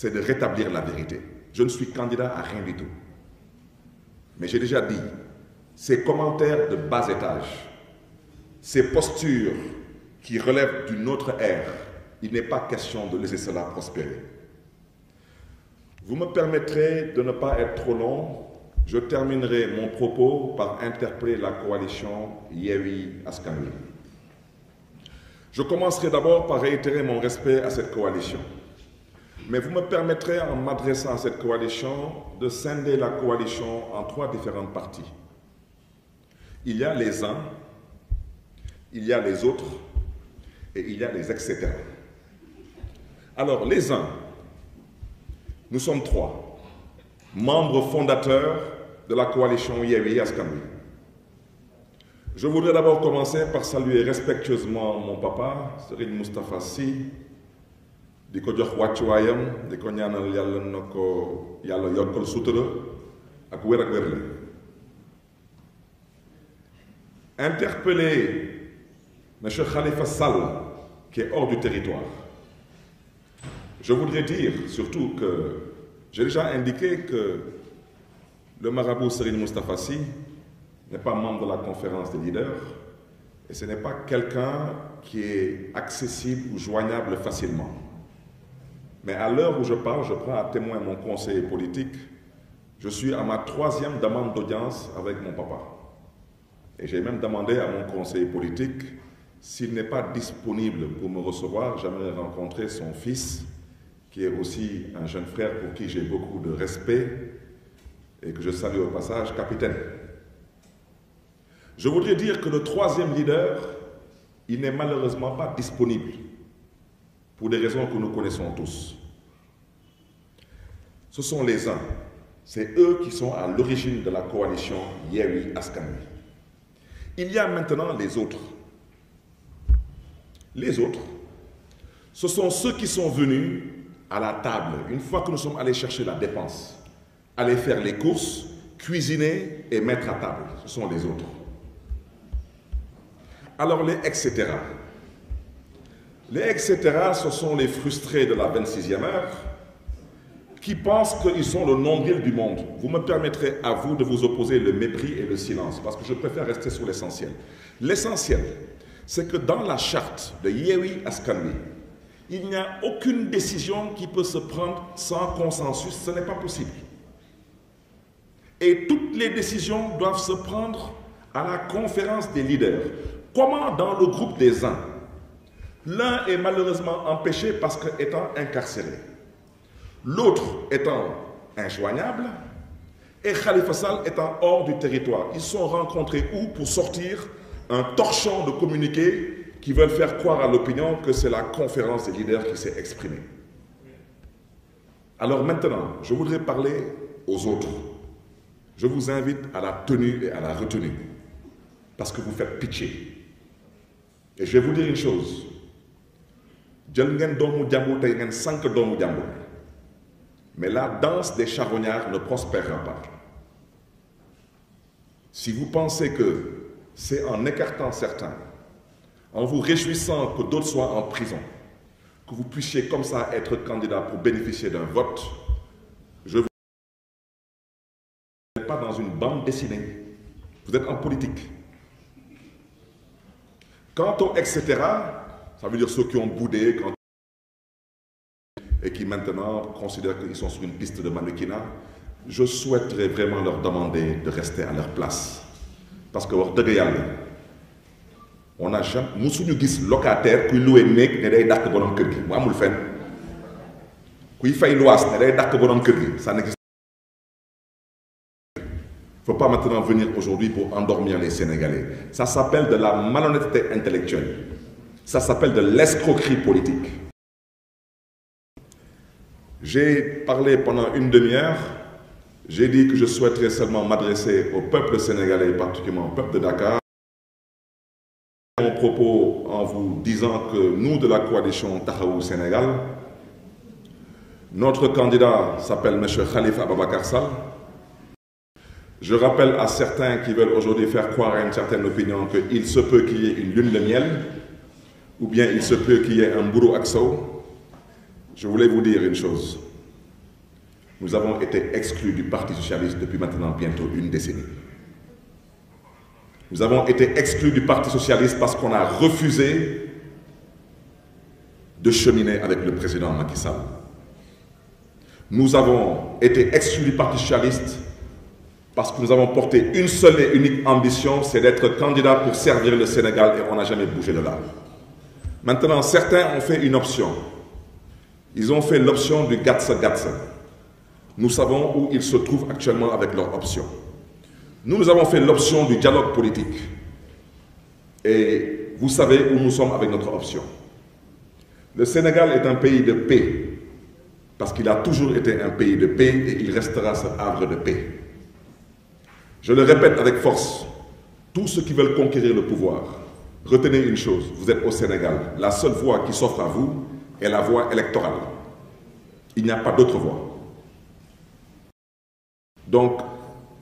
c'est de rétablir la vérité. Je ne suis candidat à rien du tout. Mais j'ai déjà dit, ces commentaires de bas étage, ces postures qui relèvent d'une autre ère, il n'est pas question de laisser cela prospérer. Vous me permettrez de ne pas être trop long. Je terminerai mon propos par interpeller la coalition Yewi Askanui. Je commencerai d'abord par réitérer mon respect à cette coalition. Mais vous me permettrez, en m'adressant à cette coalition, de scinder la coalition en trois différentes parties. Il y a les uns, il y a les autres, y a les etc. les uns, nous sommes trois, membres fondateurs de la coalition Yévi Askanoui. Je voudrais d'abord commencer par saluer respectueusement mon papa, Serine Moustapha Si, di ko jox wàccuwaayam di ko ñaanal yàlla na ko yàlla yokkal sutura ak wér ak wérle interpeller monsieur Khalifa Sall qui est hors du territoire je voudrais dire surtout que j'ai déjà indiqué que le marabout Serigne Moustapha Sy n'est pas membre de la conférence des leaders et ce n'est pas quelqu'un qui est accessible ou joignable facilement Mais à l'heure où je parle, je prends à témoin mon conseiller politique. Je suis à ma troisième demande d'audience avec mon papa. Et j'ai même demandé à mon conseiller politique s'il n'est pas disponible pour me recevoir, j'aimerais rencontrer son fils, qui est aussi un jeune frère pour qui j'ai beaucoup de respect et que je salue au passage, capitaine. Je voudrais dire que le troisième leader, il n'est malheureusement pas disponible. pour des raisons que nous connaissons tous. Ce sont les uns, c'est eux qui sont à l'origine de la coalition Yeri Askanoui. Il y a maintenant les autres. Les autres, ce sont ceux qui sont venus à la table, une fois que nous sommes allés chercher la dépense, aller faire les courses, cuisiner et mettre à table. Ce sont les autres. Alors les etc. Les etc., ce sont les frustrés de la 26e heure qui pensent qu'ils sont le nombril du monde. Vous me permettrez à vous de vous opposer le mépris et le silence, parce que je préfère rester sur l'essentiel. L'essentiel, c'est que dans la charte de Yewi Askanwi, il n'y a aucune décision qui peut se prendre sans consensus, ce n'est pas possible. Et toutes les décisions doivent se prendre à la conférence des leaders. Comment dans le groupe des uns, L'un est malheureusement empêché parce qu'étant incarcéré, l'autre étant injoignable et Khalifa Sall étant hors du territoire. Ils sont rencontrés où pour sortir un torchon de communiqué qui veulent faire croire à l'opinion que c'est la conférence des leaders qui s'est exprimée. Alors maintenant, je voudrais parler aux autres. Je vous invite à la tenue et à la retenue parce que vous faites pitié. Et je vais vous dire une chose, jël ngeen doomu jàmbur tey ngeen sànq doomu jàmbur mais la danse des charognards ne prospérera pas si vous pensez que c'est en écartant certains en vous réjouissant que d'autres soient en prison que vous puissiez comme ça être candidat pour bénéficier d'un vote je vous n'êtes pas dans une bande dessinée vous êtes en politique quant au etc Ça veut dire ceux qui ont boudé quand et qui maintenant considèrent qu'ils sont sur une piste de mannequinat, je souhaiterais vraiment leur demander de rester à leur place. Parce que wax dëgg yàlla on a jamais musuñu gis locataire kuy loué néeg ne day dàq borom kër gi mu amul fenn kuy fay luwaas ne borom kër gi ça n'existe faut pas maintenant venir aujourd'hui pour endormir les Sénégalais ça s'appelle de la malhonnêteté intellectuelle Ça s'appelle de l'escroquerie politique. J'ai parlé pendant une demi-heure. J'ai dit que je souhaiterais seulement m'adresser au peuple sénégalais, particulièrement au propos en vous disant que nous, de la coalition Tahaou Sénégal, notre candidat s'appelle M. Khalifa Ababakar Sall. Je rappelle à certains qui veulent aujourd'hui faire croire à une certaine opinion qu'il se peut qu'il y ait une lune de miel. ou bien il se peut qu'il y ait un bourreau ak sow je voulais vous dire une chose nous avons été exclus du parti socialiste depuis maintenant bientôt une décennie nous avons été exclus du parti socialiste parce qu'on a refusé de cheminer avec le président Macky Sall nous avons été exclus du parti socialiste parce que nous avons porté une seule et unique ambition c'est d'être candidat pour servir le Sénégal et on n'a jamais bougé de là Maintenant, certains ont fait une option. Ils ont fait l'option du Gatsa-Gatsa. Nous savons où ils se trouvent actuellement avec leur option. Nous, nous avons fait l'option du dialogue politique. Et vous savez où nous sommes avec notre option. Le Sénégal est un pays de paix, parce qu'il a toujours été un pays de paix et il restera ce havre de paix. Je le répète avec force, tous ceux qui veulent conquérir le pouvoir, Retenez une chose, vous êtes au Sénégal. La seule voie qui s'offre à vous est la voie électorale. Il n'y a pas d'autre voie. Donc,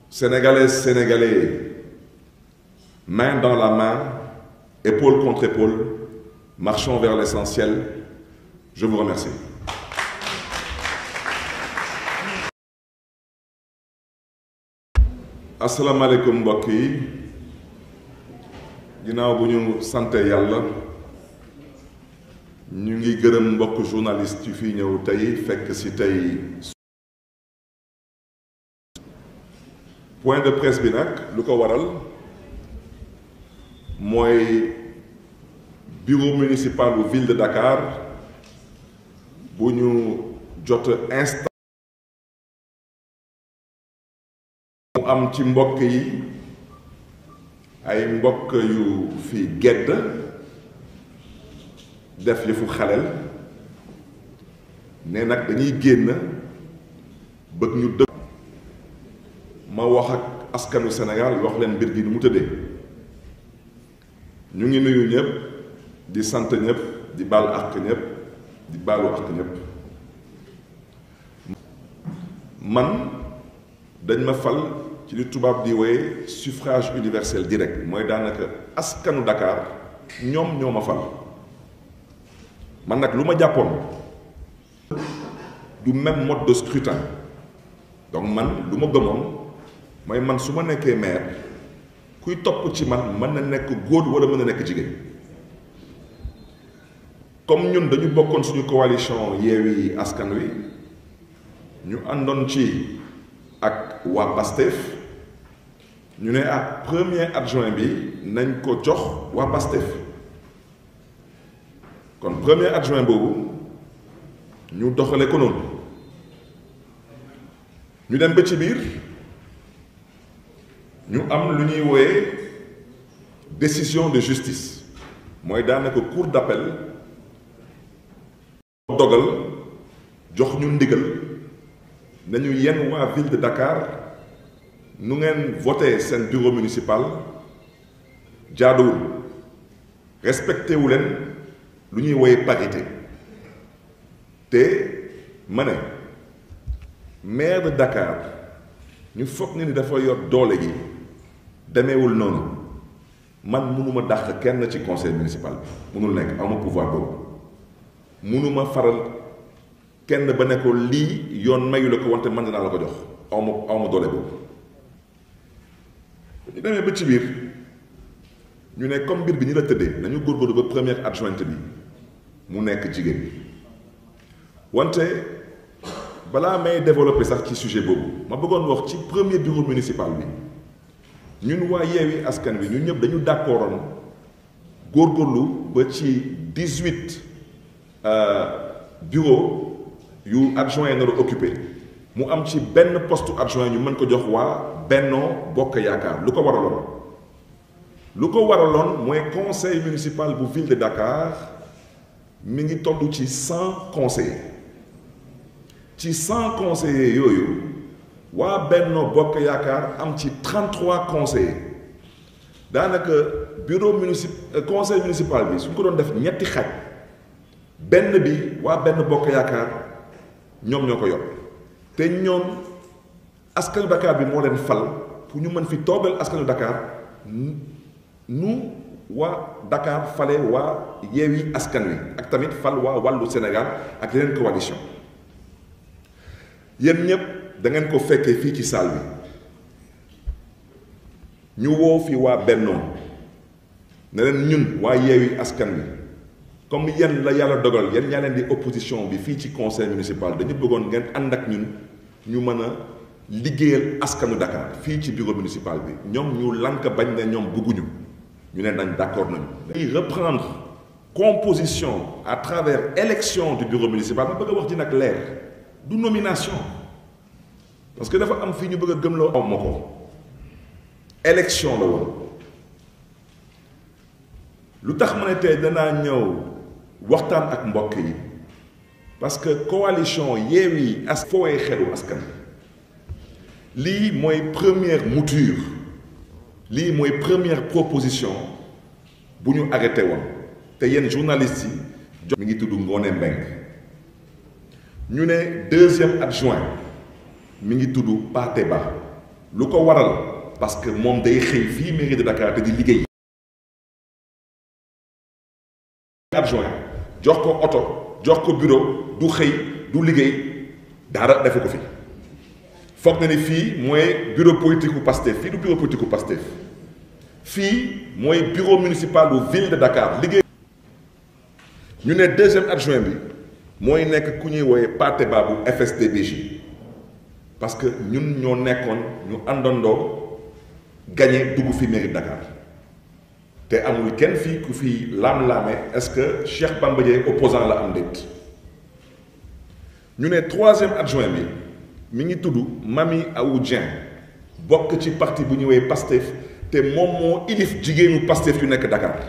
Sénégalais, Sénégalais, main dans la main, épaule contre épaule, marchons vers l'essentiel. Je vous remercie. asalaamaaleykum mbokk yi ginnaaw bu ñu sante yàlla ñu ngi gërëm mbokk journaliste yi fi ñëw tey fekk ci tey point de presse bi nag lu ko waral mooy bureau municipal bu ville de Dakar bu ñu jot insta mu am ci mbokk yi ay mbokk yu fi gedd def yëfu xaleel ne nag dañuy génn bëgg ñu dëgg ma wax ak askanu senegal wax leen mbir gi ni mu tëddee ñu ngi nuyu ñëpp di sant ñëpp di baalu àq ñëpp di baalu àq ñëpp man dañ ma fal ci li tubaab di wooye suffrage universel direct mooy daanaka askanu dakaar ñoom ñoo ma fal man nag lu ma jàppoon du même mode de scrutin donc man lu ma gëmoon mooy man su ma nekkee maire kuy topp ci man mën na nekk góor wala mën na nekk jigéen comme ñun dañu bokkoon suñu coalition Yewwi Askan Wi ñu àndoon ci ak waa Pastef ñu ne ah premier adjoint bi nañ ko jox waa PASTEF kon premier adjoint boobu ñu doxale ko noonu ñu dem ba ci biir ñu am lu ñuy wooyee décision de justice mooy daanaka cour d'appel dogal jox ñu ndigal nañu yenn waa ville de Dakar nu ngeen voté seen bureau municipal jaaduwul respecté wu leen lu ñuy woye parité te ma ne maire de Dakar ñu foog ni ni dafa yor doole gi demeewul noonu man mënuma dàq kenn ci conseil municipal bi nekk awma pouvoir boobu mënuma faral kenn ba ne lii yoon mayu la ko wante man dinaa la ko jox awma awma doole boobu ñu demee ci biir ñu ne comme mbir bi ñu la tëddee nañu góorgóorlu ba première adjointe bi mu nekk jigéen wante balaa may développer sax ci sujet boobu ma bëggoon wax ci premier bureau municipal bi ñun waa Yewwi Askan bi ñu ñëpp dañu d'accordoon góorgóorlu ba ci dix-huit euh, bureau yu adjoint na la occupé mu am ci benn poste adjoint ñu mën ko jox waa Bennoo Bokk Yaakaar lu ko war waraloon lu ko waraloon mooy conseil municipal bu ville de Dakar mi ngi toll ci cent conseillers ci cent conseillers yooyu waa Bennoo Bokk Yaakaar am ci trente-trois conseillers daanaka bureau munici euh, conseil municipal bi su ñu ko doon def ñetti xaj benn bi waa Benn Bokk Yaakaar ñoom ñoo ko yor. te ñoom askanu Dakar bi moo leen fal pour ñu mën fi toogal askanu Dakar nu waa Dakar fale waa Yewwi Askan Wi ak tamit fal waa wàllu Sénégal ak yeneen coalition yéen ñëpp dangeen ngeen ko fekkee fii ci salle bi ñu woo fi waa Bennoo ne leen ñun waa Yewwi Askan Wi comme yéen la yàlla dogal yéen ñaa leen di opposition bi fii ci conseil municipal dañu bëggoon ngeen ànd ak ñun ñu mën a liggéeyal askanu Dakar fii ci bureau municipal bi ñoom ñu lank bañ ne ñoom bëgguñu ñu ne nañ d'accord nañu. dañuy reprendre composition à travers élection du bureau municipal ma bëgg a wax ji nag leer du nomination parce que dafa am fii ñu bëgg a gëmloo aw ma ko élection la woon lu tax ma ne tey danaa ñëw waxtaan ak mbokk yi. parce que coalition Yewwi as fooye xelu askan lii mooy première mouture lii mooy première proposition bu ñu arrêté woon te yenn journalistes yi mi ngi tudd Ngoné Mbengue ñu ne deuxième adjoint mi ngi tudd Pathé Ba lu ko waral parce que moom day xëy fii mairie de Dakar te di liggéey adjoint jox ko oto jox ko bureau du xëy du liggéey dara defu ko fi foog na ni fii mooy bureau politique bu Pastef fii du bureau politique bu Pastef fii mooy bureau municipal bu ville de Dakar liggéey. ñu ne deuxième adjoint bi mooy nekk ku ñuy wooyee Pathé Ba bu FSD/BJ parce que ñun ñoo nekkoon ñu àndandoo gagné dugg fi mairie Dakar. te amul kenn fii ku fi laam-laame est-ce que Cheikh Bamba Dièye opposant la am déet ñu ne troisième adjoint bi mi ngi tudd Mami Awu Dieng bokk ci parti bu ñëwee Pastef te moom moo ilif jigéenu Pastef yu nekk Dakar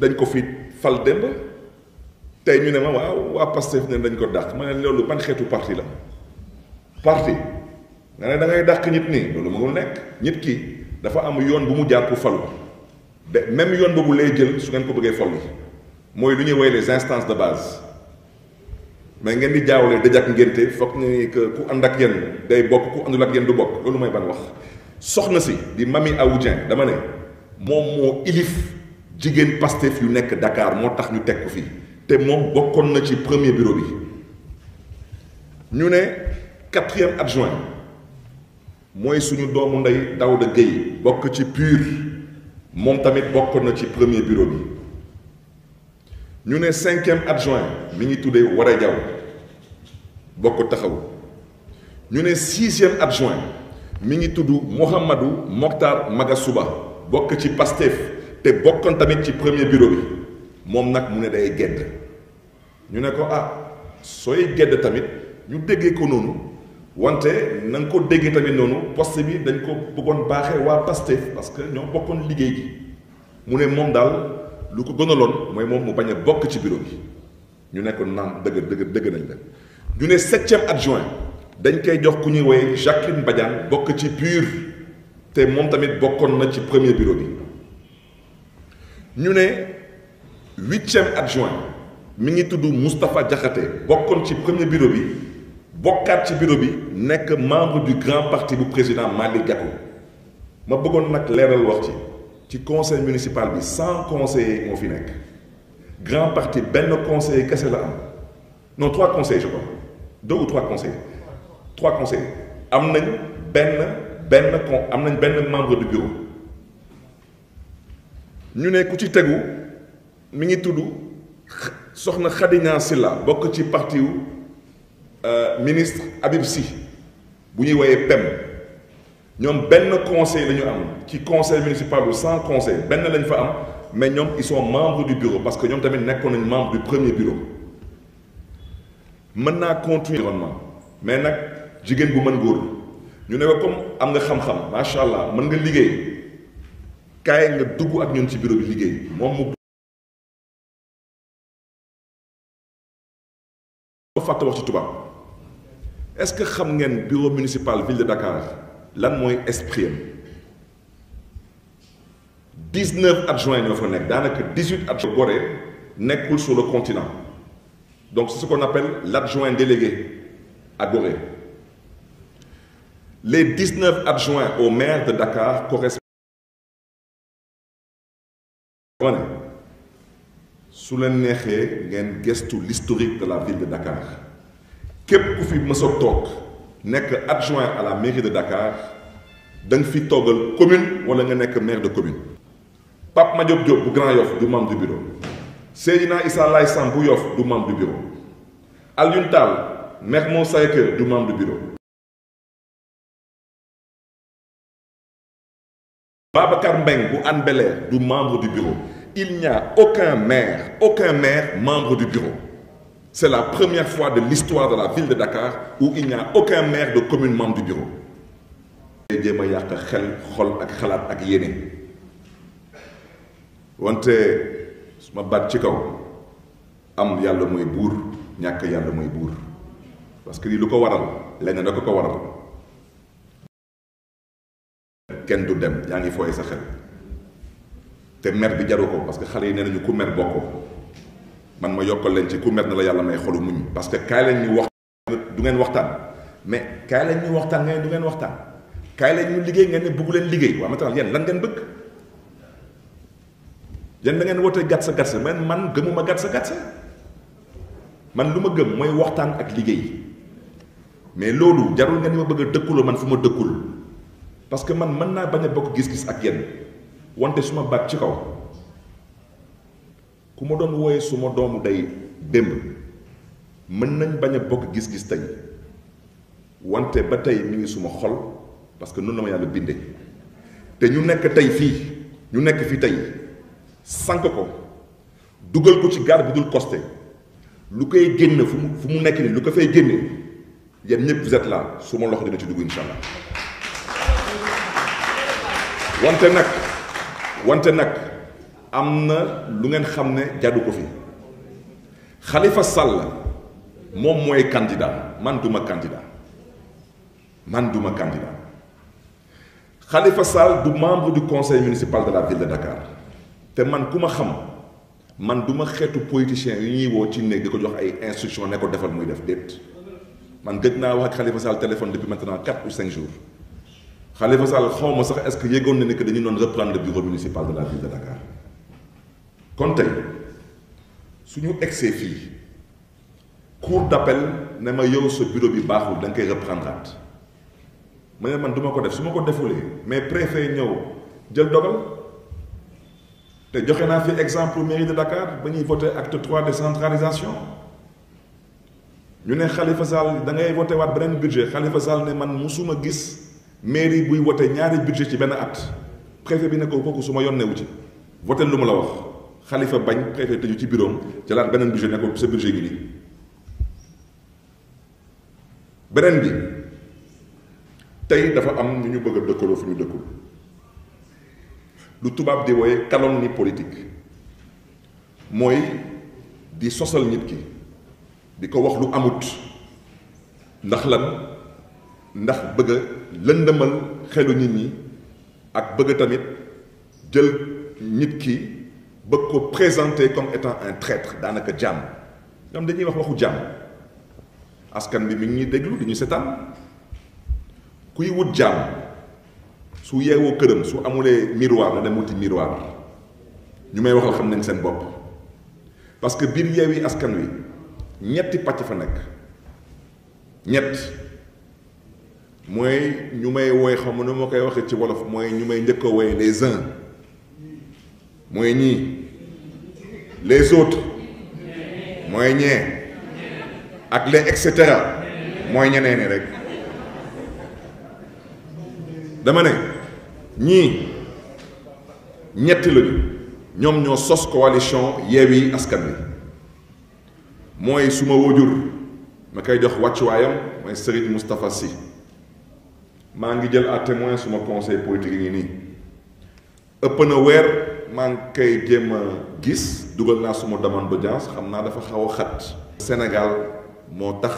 dañ ko fi fal démb tey ñu ne ma waaw waa Pastef ne dañ ko dàq ma ne loolu man xeetu parti la parti nga ne dangay ngay dàq nit nii loolu mënul nekk nit ki dafa am yoon bu mu jaar pour falu de même yoon boobu lay jël su ngeen ko bëggee folli mooy lu ñuy woy les instances de base mais ngeen di jaawale dëj ak ngénte foog ni que ku ànd ak yéen day bokk ku àndul ak yéen du bokk loolu mooy ban wax soxna si di Mamy Awa Dieng dama ne moom moo ilif jigéen Pastef yu nekk Dakar moo tax ñu teg ko fii te moom bokkoon na ci premier bureau bi ñu ne quatrième adjoint mooy suñu doomu ndey Daouda Gueye bokk ci PUR moom tamit bokk na ci premier bureau bi ñu ne cinquième adjoint mi ngi tuddee Wara Diaw bokk taxaw ñu ne sixième adjoint mi ngi tudd Mouhamadou Mokhtar Magasuba bokk ci Pastef te bokkoon tamit ci premier bureau bi moom nag mu ne day gedd ñu ne ko ah sooy gedd tamit ñu déggee ko noonu wante na nga ko déggee tamit noonu poste bi dañ ko bëggoon baaxee waa Pastef parce que ñoo bokkoon liggéey gi mu ne moom daal lu ko gënaloon mooy moom mu bañ bokk ci bureau bi ñu ne ko naan dëgg nañ la ñu ne septième adjoint dañ koy jox ku ñuy woowee Jacqueline Badiane bokk ci PUR te moom tamit bokkoon na ci premier bureau ñu ne huitième adjoint mi ngi tudd Moustapha Diakhaté bokkoon ci premier bureau bi. bokkaat ci bureau bi nekk membre du grand parti bu président Malick Gakou ma bëggoon nag leeral wax ci ci conseil municipal bi cent conseillers moo fi nekk grand parti benn conseiller kese la am non trois conseillers je crois deux am nañ benn benn con am nañ benn membre du bureau ñu ne ku ci tegu mi ngi tudd soxna Khady Niang Sylla bokk ci parti Euh, ministre Habib Sy bu ñuy woyee PEM ñoom benn conseil la ñu am ci conseil municipal bu sans conseil benn lañ fa am mais ñoom ils sont membres du bureau parce que ñoom tamit nekkoon nañ membre du premier bureau mën naa continuer environnement mais nag jigéen bu mën góor ñu ne comme am nga xam-xam macha allah mën nga liggéey kaay nga dugg ak ñoom ci bureau bi liggéey moom mu. fàtte wax ci tubaab. est-ce que xam ngeen bureau municipal ville de Dakar lan mooy esprit am 19 adjoints ñoo fa nekk daanaka 18 adjoints Gorée nekkul sur le continent donc c'est ce qu'on appelle l'adjoint délégué à Gorée les 19 adjoints au maire de Dakar correspondent su leen neexee ngeen gëstu l'historique képp ku fi mës toog nekk adjoint à la mairie de Dakar da fi toogal commune wala nga nekk maire de commune. Pape Madiop Diop bu Grand Yoff du membre du bureau Seydina Issa Laye Samb bu Yoff du membre du bureau Alioune Tall Mermoz Sacré-Cœur du membre du bureau. Babacar Mbeng bu Hann bel du membre du bureau il n'y aucun maire aucun maire membre du bureau. C'est la première fois de l'histoire de la ville de Dakar où il n'y a aucun maire de commune membre du bureau. jéem a yàq xel xol ak xalaat ak yéene wante su ma baat ci kaw am yàlla mooy buur ñàkk yàlla mooy buur parce que lii lu ko waral leneen da ko ko waral kenn du dem yaa ngi fooye sa xel te mer bi jaru ko parce que xale yi nee nañu ku mer bokkoo man ma yokkal leen ci ku met na la yàlla may xolu muñ parce que kaay leen ñu wax du ngeen waxtaan mais kaay leen ñu waxtaan nga ne du ngeen waxtaan kaay leen ñu liggéey ngeen ne bëggu leen liggéey waa ma tax yéen lan ngeen bëgg yéen da ngeen wootee sa gàtsa man man gëmuma gàtsa gàtsa man lu ma gëm mooy waxtaan ak liggéey mais loolu jarul ngeen ni ma bëgg a dëkkuloo man fu ma dëkkul parce que man mën naa bañ a bokk gis-gis ak yéen wante su ma baat ci kaw ku ma doom wooye su ma doomu day démb mën nañ bañ a bokk gis-gis tey wante ba tey mu ngi suma xol parce que noonu la ma yàlla bindee te ñu nekk tey fii ñu nekk fii tey sànq ko dugal ko ci gaar bu dul costé lu koy génn fu mu fu mu nekk nii lu ko fay génne yéen ñëpp vous êtes là su ma loxo dina ci dugg incha wante nag wante nag am na lu ngeen xam ne jàddu ko fi Khalifa Sall moom mooy candidat man duma candidat man duma candidat Khalifa Sall du membre du conseil municipal de la ville de Dakar te man ku ma xam man duma xeetu politicien yu ñuy woo ci néeg di ko jox ay instruction ne ko defal muy def déet man gëj naa wax ak Khalifa Sall téléphone depuis maintenant quatre ou cinq jours Khalifa Sall xaw ma sax est-ce que yëgoon na ni que dañu doon reprendre municipal de la ville de Dakar kon su ñu egsee fii cour d'appel ne ma yow sa bureau bi baaxul da nga koy reprendre ma ne man du ko def su ma ko defulee mais préfet ñëw jël dogal te joxe naa fi exemple mairie de Dakar ba ñuy voté acte trois décentralisation ñu ne Khalifa Sall da ngay voté waat beneen budget Khalifa Sall ne man musuma gis mairie buy voté ñaari budget ci benn at préfet bi ne ko kooku su ma yoon ne ci voté lu mu la wax. xalifa bañ préfet tëju ci bureau am jëlaat beneen budget ne ko bi tey dafa am ñu ñu bëgg a dëkkaloo fu ñu dëkkul lu tubaab di woye wooye calomnie politique mooy di sosal nit ki di ko wax lu amut ndax lan ndax bëgg a lëndëmal xelu nit ñi ak bëgg tamit jël nit ki bëgg ko présenté comme étant un traître daanaka jàmm ñoom dañuy wax waxu jàmm askan bi mi ñuy déglu di ñu setaan kuy wut jàmm su yeewoo këram su amulee miroir na dem wuti miroir ñu may waxal xam nañ seen bopp parce que biir yeewi askan wi ñetti pàcc fa nekk ñett mooy ñu may woy xam nu ma koy waxee ci wolof mooy ñu may njëkk a woy les uns mooy ñii les autres mooy ñee ak les et cetera mooy ñeneen ñi rek dama ne ñii ñetti lañu ñoom ñoo sos coalition Yewwi Askan bi mooy suma wajur ma koy jox wàccuwaayam mooy Serigne Moustapha Sy maa ngi jël à témoin suma conseil politique yi nii ëpp na weer maa ngi koy jéem a gis dugal naa suma ba d'audience xam naa dafa xaw a xat Sénégal moo tax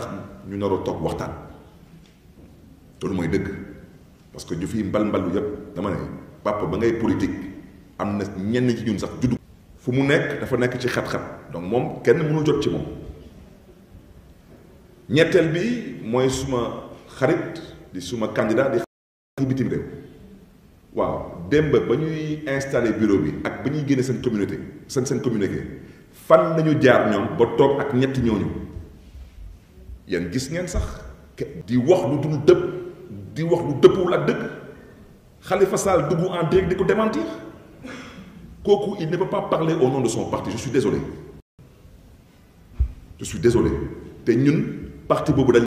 ñu nar a toog waxtaan loolu mooy dëgg parce que ñu fiy mbal-mbalu yépp dama ne papa ba ngay politique am na ñenn ci ñun sax juddu fu mu nekk dafa nekk ci xat-xat donc moom kenn mënul jot ci moom ñetteel bi mooy suma xarit di suma candidat di bitim réew waaw démb ba ñuy installé bureau bi ak ba ñuy génne seen communauté seen seen communiqué fan lañu jaar ñoom ba toog ak ñetti ñooñu yan gis ngeen sax di wax lu dul dëpp di wax lu dëppul ak dëgg xalifa Sall dugg en direct di ko démentir kooku il ne peut pas parler au nom de son parti je suis désolé je désolé te ñun parti boobu dañ